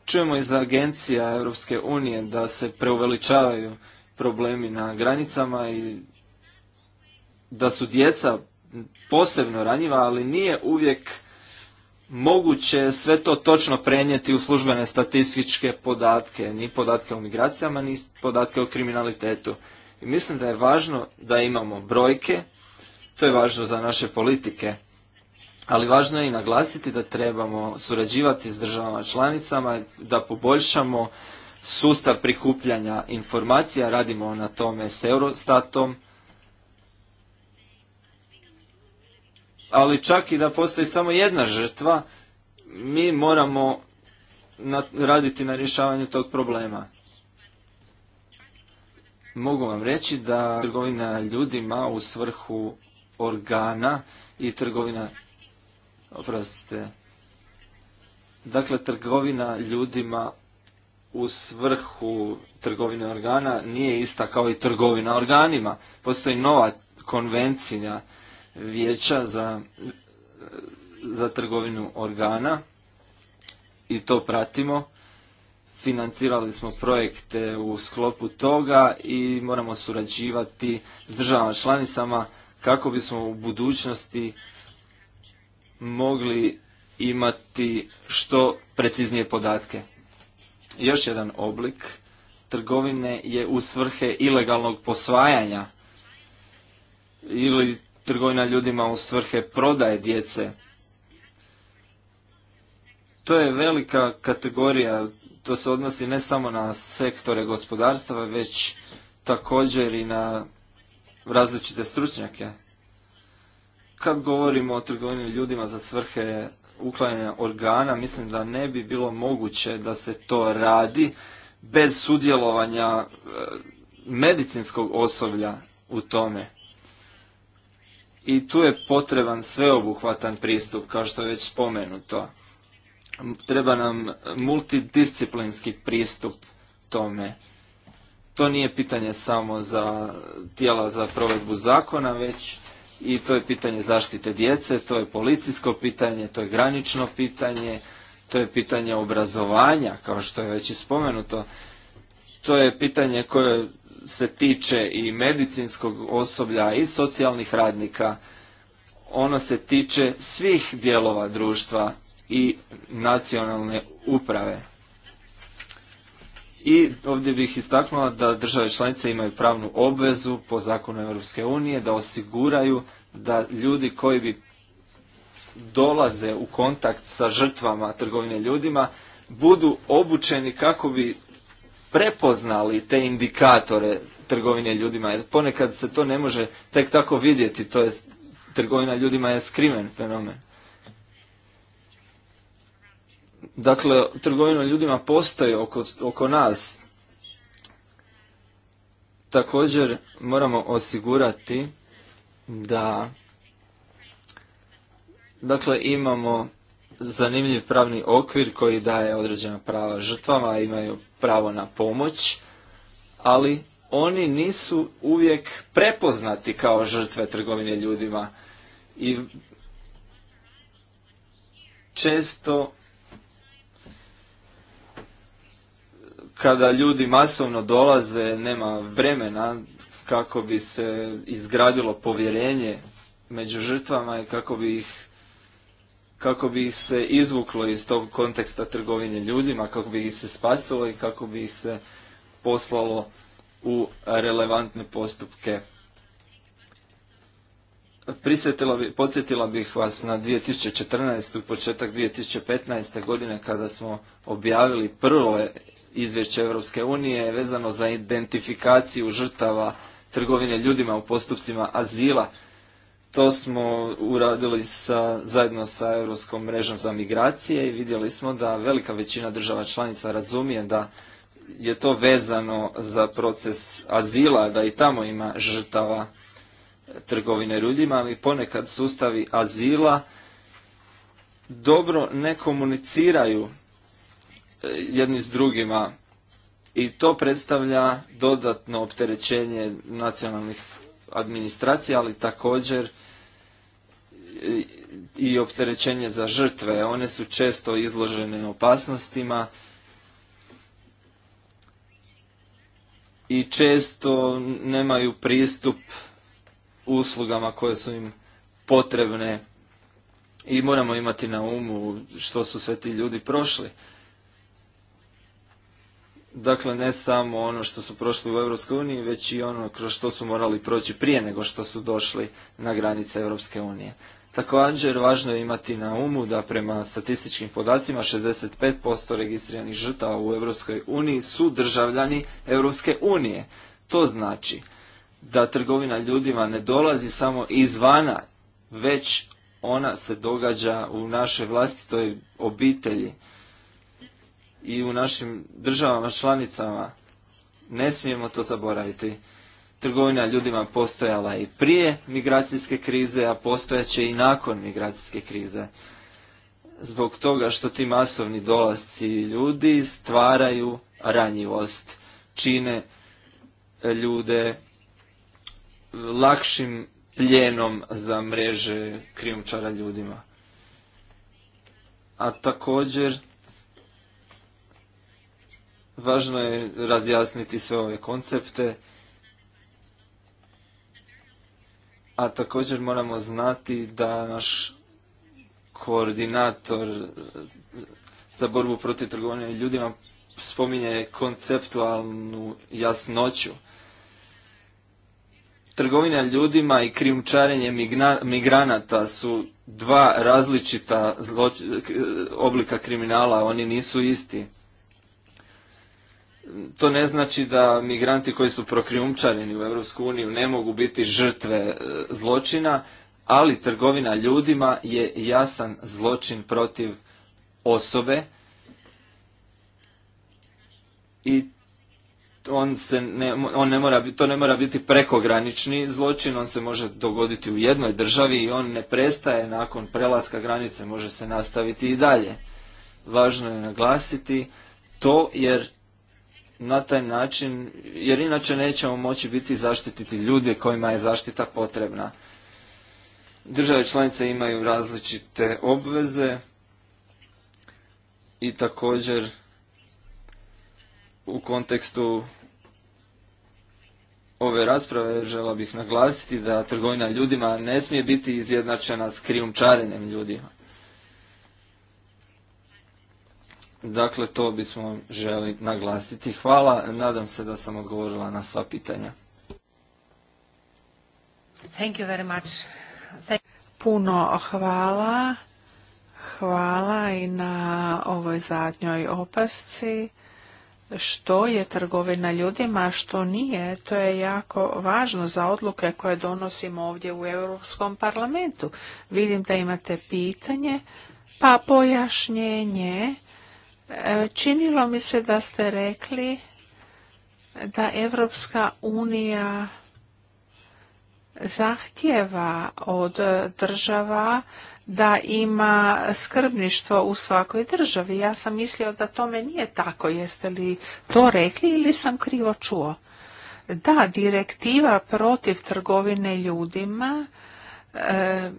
Čujemo iz agencija Europske unije da se preuveličavaju problemi na granicama i da su djeca posebno ranjiva, ali nije uvijek moguće sve to točno prenijeti u službene statističke podatke, ni podatke o migracijama, ni podatke o kriminalitetu. I mislim da je važno da imamo brojke, to je važno za naše politike ali važno je i naglasiti da trebamo surađivati s državama članicama, da poboljšamo sustav prikupljanja informacija, radimo na tome s Eurostatom, ali čak i da postoji samo jedna žrtva, mi moramo raditi na rješavanju tog problema. Mogu vam reći da trgovina ljudima u svrhu organa i trgovina oprostite, dakle trgovina ljudima u svrhu trgovine organa nije ista kao i trgovina organima. Postoji nova konvencija vijeća za, za trgovinu organa i to pratimo. Financirali smo projekte u sklopu toga i moramo surađivati s državama članicama kako bismo u budućnosti mogli imati što preciznije podatke. Još jedan oblik trgovine je u svrhe ilegalnog posvajanja ili trgovina ljudima u svrhe prodaje djece. To je velika kategorija, to se odnosi ne samo na sektore gospodarstva, već također i na različite stručnjake. Kad govorimo o trgovini ljudima za svrhe uklanjanja organa, mislim da ne bi bilo moguće da se to radi bez sudjelovanja e, medicinskog osoblja u tome. I tu je potreban sveobuhvatan pristup, kao što je već spomenuto. Treba nam multidisciplinski pristup tome. To nije pitanje samo za tijela za provedbu zakona, već i to je pitanje zaštite djece, to je policijsko pitanje, to je granično pitanje, to je pitanje obrazovanja, kao što je već i spomenuto. To je pitanje koje se tiče i medicinskog osoblja i socijalnih radnika. Ono se tiče svih dijelova društva i nacionalne uprave. I ovdje bih istaknula da države članice imaju pravnu obvezu po zakonu Europske unije da osiguraju da ljudi koji bi dolaze u kontakt sa žrtvama trgovine ljudima budu obučeni kako bi prepoznali te indikatore trgovine ljudima jer ponekad se to ne može tek tako vidjeti to je trgovina ljudima je skriven fenomen Dakle, trgovina ljudima postoji oko, oko nas. Također moramo osigurati da dakle imamo zanimljiv pravni okvir koji daje određena prava žrtvama, imaju pravo na pomoć, ali oni nisu uvijek prepoznati kao žrtve trgovine ljudima i često kada ljudi masovno dolaze, nema vremena kako bi se izgradilo povjerenje među žrtvama i kako bi ih kako bi se izvuklo iz tog konteksta trgovine ljudima, kako bi ih se spasilo i kako bi ih se poslalo u relevantne postupke. podsjetila bih vas na 2014. i početak 2015. godine kada smo objavili prve izvješće Europske unije vezano za identifikaciju žrtava trgovine ljudima u postupcima azila. To smo uradili sa, zajedno sa Europskom mrežom za migracije i vidjeli smo da velika većina država članica razumije da je to vezano za proces azila, da i tamo ima žrtava trgovine ljudima, ali ponekad sustavi azila dobro ne komuniciraju jedni s drugima i to predstavlja dodatno opterećenje nacionalnih administracija, ali također i opterećenje za žrtve. One su često izložene opasnostima i često nemaju pristup uslugama koje su im potrebne i moramo imati na umu što su sve ti ljudi prošli. Dakle, ne samo ono što su prošli u EU uniji, već i ono kroz što su morali proći prije nego što su došli na granice EU. unije. Također, važno je imati na umu da prema statističkim podacima 65% registriranih žrtava u eu uniji su državljani Europske unije. To znači da trgovina ljudima ne dolazi samo izvana, već ona se događa u našoj vlastitoj obitelji i u našim državama članicama. Ne smijemo to zaboraviti. Trgovina ljudima postojala i prije migracijske krize, a postojaće i nakon migracijske krize. Zbog toga što ti masovni dolasci ljudi stvaraju ranjivost, čine ljude lakšim pljenom za mreže krijumčara ljudima. A također Važno je razjasniti sve ove koncepte, a također moramo znati da naš koordinator za borbu protiv trgovanja ljudima spominje konceptualnu jasnoću. Trgovina ljudima i krijumčarenje migranata su dva različita oblika kriminala, oni nisu isti to ne znači da migranti koji su prokriumčareni u Europsku uniju ne mogu biti žrtve e, zločina, ali trgovina ljudima je jasan zločin protiv osobe i on se on ne mora, to ne mora biti prekogranični zločin, on se može dogoditi u jednoj državi i on ne prestaje nakon prelaska granice, može se nastaviti i dalje. Važno je naglasiti to jer na taj način, jer inače nećemo moći biti zaštititi ljude kojima je zaštita potrebna. Države članice imaju različite obveze i također u kontekstu ove rasprave žela bih naglasiti da trgovina ljudima ne smije biti izjednačena s krijumčarenjem ljudima. Dakle, to bismo želi naglasiti. Hvala, nadam se da sam odgovorila na sva pitanja. Thank you very much. Puno hvala. Hvala i na ovoj zadnjoj opasci. Što je trgovina ljudima, a što nije, to je jako važno za odluke koje donosimo ovdje u Europskom parlamentu. Vidim da imate pitanje, pa pojašnjenje E, činilo mi se da ste rekli da Evropska unija zahtjeva od država da ima skrbništvo u svakoj državi. Ja sam mislio da tome nije tako. Jeste li to rekli ili sam krivo čuo? Da, direktiva protiv trgovine ljudima E,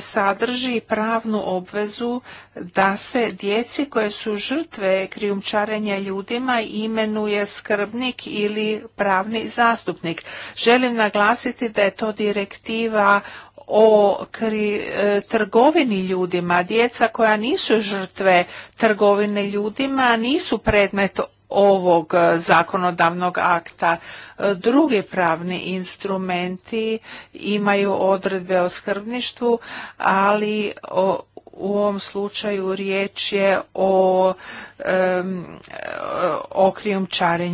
sadrži pravnu obvezu da se djeci koje su žrtve krijumčarenja ljudima imenuje skrbnik ili pravni zastupnik. Želim naglasiti da je to direktiva o e, trgovini ljudima, djeca koja nisu žrtve trgovine ljudima, nisu predmet ovog e, zakonodavnog akta. E, drugi pravni instrumenti imaju odredbe o skrbništvu, ali o u ovom slučaju riječ je o, um,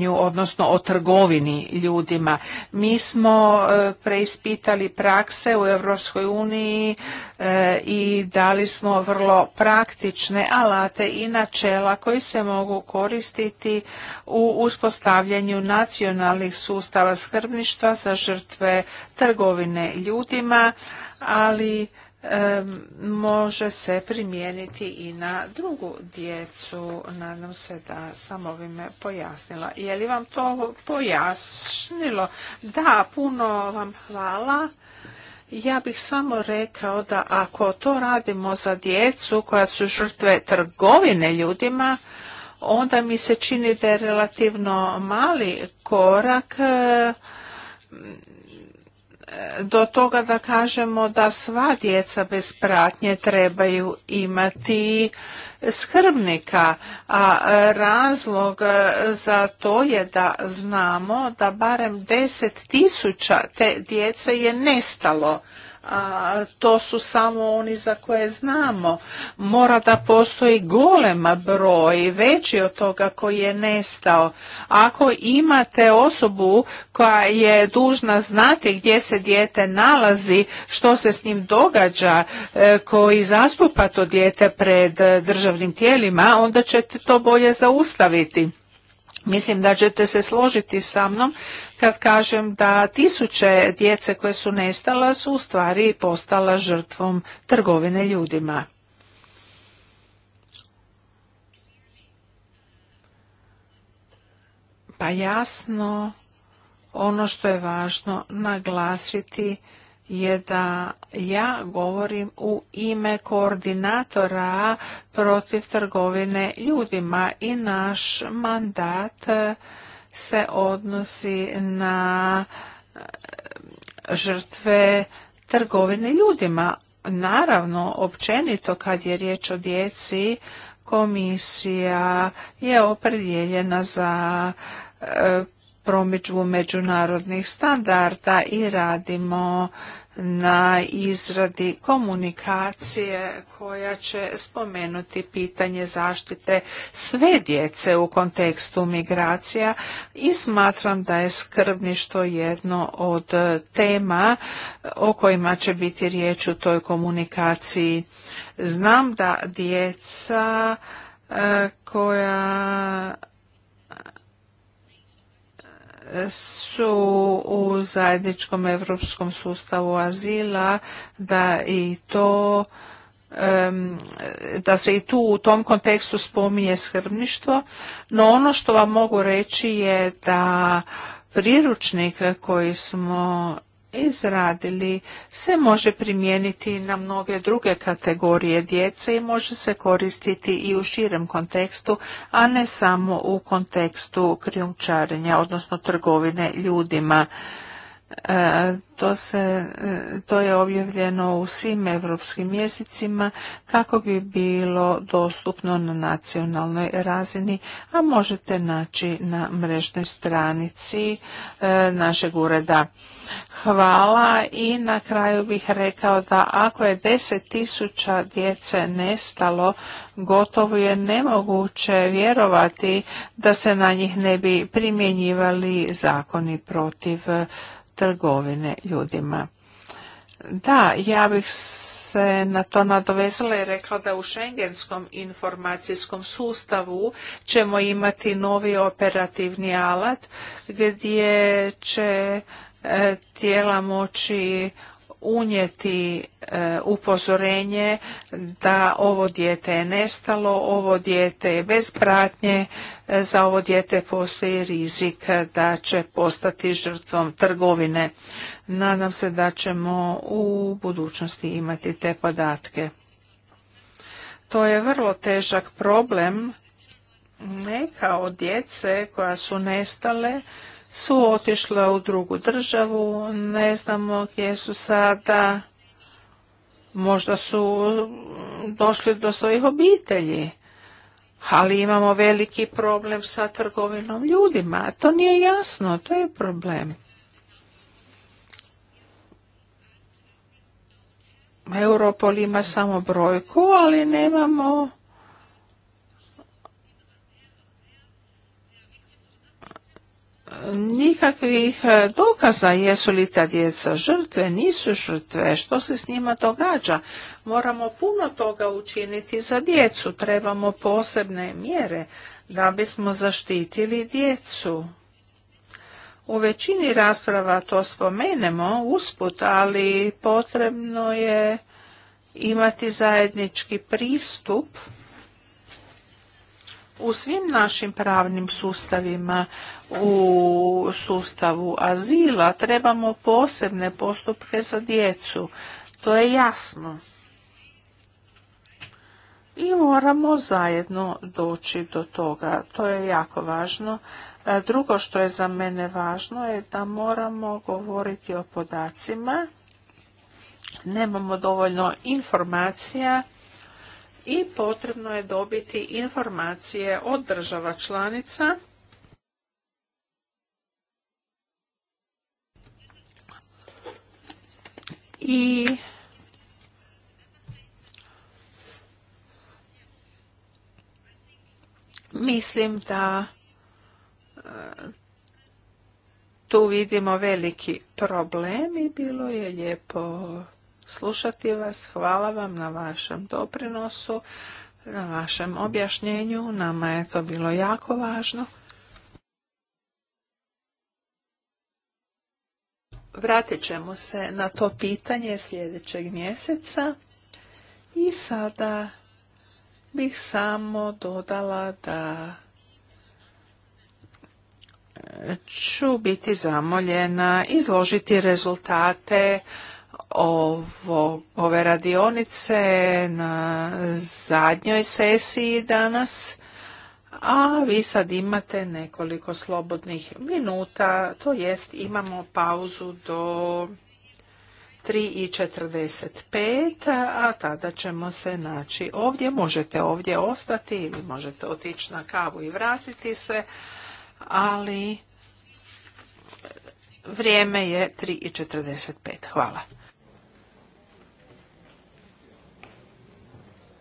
odnosno o trgovini ljudima. Mi smo e, preispitali prakse u Europskoj uniji e, i dali smo vrlo praktične alate i načela koji se mogu koristiti u uspostavljanju nacionalnih sustava skrbništva za žrtve trgovine ljudima, ali može se primijeniti i na drugu djecu. Nadam se da sam ovime pojasnila. Je li vam to pojasnilo? Da, puno vam hvala. Ja bih samo rekao da ako to radimo za djecu koja su žrtve trgovine ljudima, onda mi se čini da je relativno mali korak do toga da kažemo da sva djeca bez pratnje trebaju imati skrbnika, a razlog za to je da znamo da barem tisuća te djece je nestalo a to su samo oni za koje znamo. Mora da postoji golema broj, veći od toga koji je nestao. Ako imate osobu koja je dužna znati gdje se dijete nalazi, što se s njim događa, e, koji zastupa to dijete pred državnim tijelima, onda ćete to bolje zaustaviti. Mislim da ćete se složiti sa mnom kad kažem da tisuće djece koje su nestala su u stvari postala žrtvom trgovine ljudima. Pa jasno, ono što je važno naglasiti je da ja govorim u ime koordinatora protiv trgovine ljudima i naš mandat se odnosi na e, žrtve trgovine ljudima. Naravno, općenito kad je riječ o djeci, komisija je opredjeljena za e, promičbu međunarodnih standarda i radimo na izradi komunikacije koja će spomenuti pitanje zaštite sve djece u kontekstu migracija i smatram da je skrbništvo jedno od tema o kojima će biti riječ u toj komunikaciji. Znam da djeca e, koja su u zajedničkom europskom sustavu azila da i to da se i tu u tom kontekstu spominje skrbništvo, no ono što vam mogu reći je da priručnik koji smo izradili se može primijeniti na mnoge druge kategorije djece i može se koristiti i u širem kontekstu, a ne samo u kontekstu krijumčarenja, odnosno trgovine ljudima. E, to, se, e, to je objavljeno u svim europskim mjesecima kako bi bilo dostupno na nacionalnoj razini, a možete naći na mrežnoj stranici e, našeg ureda. Hvala i na kraju bih rekao da ako je 10.000 djece nestalo, gotovo je nemoguće vjerovati da se na njih ne bi primjenjivali zakoni protiv trgovine ljudima. Da, ja bih se na to nadovezala i rekla da u šengenskom informacijskom sustavu ćemo imati novi operativni alat gdje će e, tijela moći unijeti e, upozorenje da ovo dijete je nestalo, ovo dijete je bez pratnje, e, za ovo dijete postoji rizik da će postati žrtvom trgovine. Nadam se da ćemo u budućnosti imati te podatke. To je vrlo težak problem. Neka od djece koja su nestale su otišle u drugu državu, ne znamo gdje su sada, možda su došli do svojih obitelji, ali imamo veliki problem sa trgovinom ljudima. To nije jasno, to je problem. Europol ima samo brojku, ali nemamo nikakvih e, dokaza jesu li ta djeca žrtve, nisu žrtve, što se s njima događa. Moramo puno toga učiniti za djecu, trebamo posebne mjere da bismo zaštitili djecu. U većini rasprava to spomenemo usput, ali potrebno je imati zajednički pristup u svim našim pravnim sustavima, u sustavu azila, trebamo posebne postupke za djecu. To je jasno. I moramo zajedno doći do toga. To je jako važno. E, drugo što je za mene važno je da moramo govoriti o podacima. Nemamo dovoljno informacija i potrebno je dobiti informacije od država članica i mislim da e, tu vidimo veliki problem i bilo je lijepo slušati vas. Hvala vam na vašem doprinosu, na vašem objašnjenju. Nama je to bilo jako važno. Vratit ćemo se na to pitanje sljedećeg mjeseca. I sada bih samo dodala da ću biti zamoljena izložiti rezultate ove radionice na zadnjoj sesiji danas, a vi sad imate nekoliko slobodnih minuta, to jest imamo pauzu do 3.45, a tada ćemo se naći ovdje. Možete ovdje ostati ili možete otići na kavu i vratiti se, ali vrijeme je 3.45. Hvala.